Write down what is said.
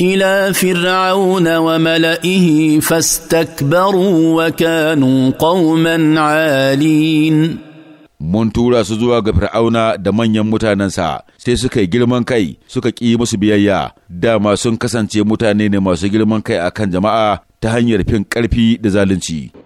الى فرعون وملئه فاستكبروا وكانوا قوما عالين mun tura su zuwa ga fir'auna da manyan mutanensa sai suka yi girman kai suka ƙi musu biyayya dama sun kasance mutane ne masu girman kai akan jama'a ta hanyar fin ƙarfi da zalunci